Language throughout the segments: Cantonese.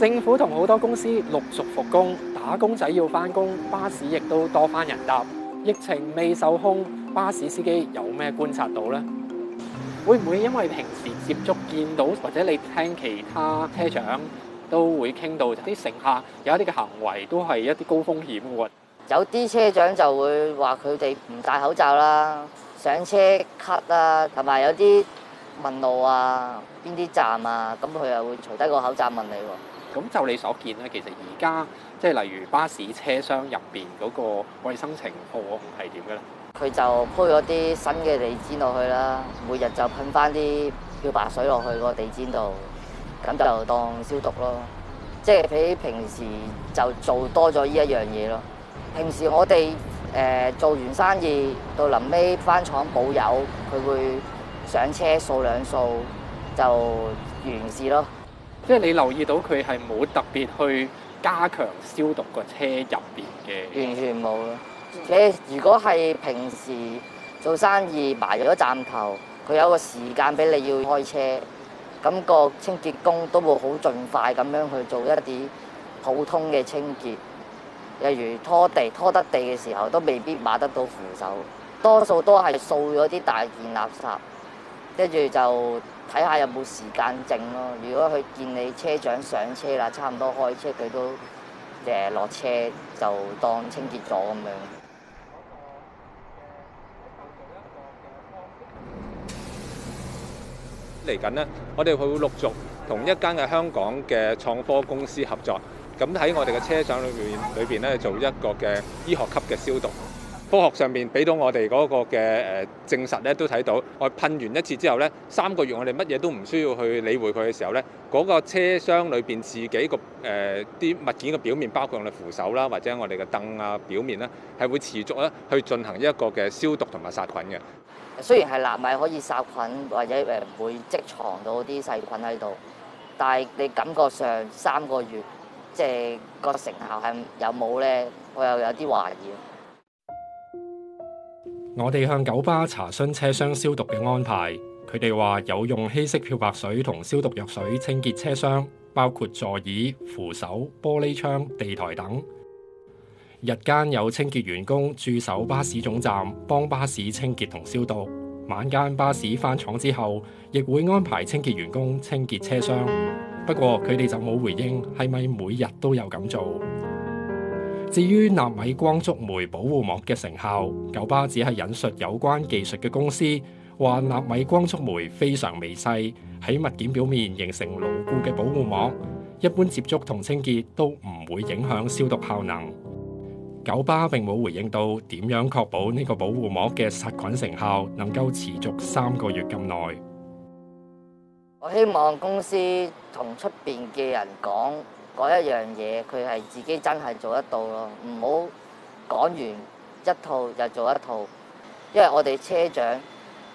政府同好多公司陸續復工，打工仔要翻工，巴士亦都多翻人搭。疫情未受控，巴士司機有咩觀察到呢？會唔會因為平時接觸見到或者你聽其他車長都會傾到啲，就係，乘客有一啲嘅行為都係一啲高風險嘅？有啲車長就會話佢哋唔戴口罩啦，上車咳啊，同埋有啲問路啊，邊啲站啊，咁佢又會除低個口罩問你喎。咁就你所見咧，其實而家即係例如巴士車廂入邊嗰個衞生情況係點嘅咧？佢就鋪咗啲新嘅地氈落去啦，每日就噴翻啲漂白水落去個地氈度，咁就當消毒咯。即係比平時就做多咗呢一樣嘢咯。平時我哋誒、呃、做完生意到臨尾翻廠保有，佢會上車掃兩掃就完事咯。即係你留意到佢係冇特別去加強消毒個車入邊嘅，完全冇咯。你如果係平時做生意埋咗站頭，佢有個時間俾你要開車，咁個清潔工都會好盡快咁樣去做一啲普通嘅清潔，例如拖地，拖得地嘅時候都未必抹得到扶手，多數都係掃咗啲大件垃圾，跟住就。睇下有冇時間剩咯。如果佢見你車長上車啦，差唔多開車，佢都誒落車就當清潔咗咁樣。嚟緊呢，我哋會陸續同一間嘅香港嘅創科公司合作，咁喺我哋嘅車廂裏面裏邊咧做一個嘅醫學級嘅消毒。科學上面俾到我哋嗰個嘅誒證實咧，都睇到我噴完一次之後咧，三個月我哋乜嘢都唔需要去理會佢嘅時候咧，嗰個車廂裏邊自己個誒啲物件嘅表面，包括我哋扶手啦，或者我哋嘅凳啊表面咧，係會持續咧去進行一個嘅消毒同埋殺菌嘅。雖然係納米可以殺菌或者誒會積藏到啲細菌喺度，但係你感覺上三個月即係個成效係有冇咧？我又有啲懷疑。我哋向九巴查詢車廂消毒嘅安排，佢哋話有用稀釋漂白水同消毒藥水清潔車廂，包括座椅、扶手、玻璃窗、地台等。日間有清潔員工駐守巴士總站，幫巴士清潔同消毒。晚間巴士返廠之後，亦會安排清潔員工清潔車廂。不過佢哋就冇回應，係咪每日都有咁做。至於納米光觸媒保護膜嘅成效，九巴只係引述有關技術嘅公司話，納米光觸媒非常微細，喺物件表面形成牢固嘅保護膜，一般接觸同清潔都唔會影響消毒效能。九巴並冇回應到點樣確保呢個保護膜嘅殺菌成效能夠持續三個月咁耐。我希望公司同出面嘅人講。嗰一樣嘢，佢係自己真係做得到咯，唔好講完一套就做一套，因為我哋車長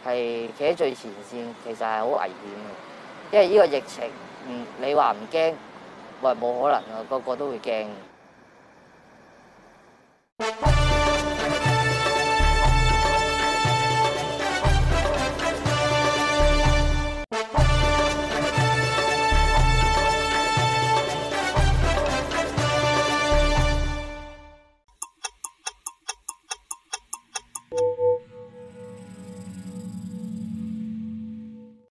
係企喺最前線，其實係好危險嘅，因為呢個疫情，你話唔驚，喂、哎、冇可能啊，個個都會驚。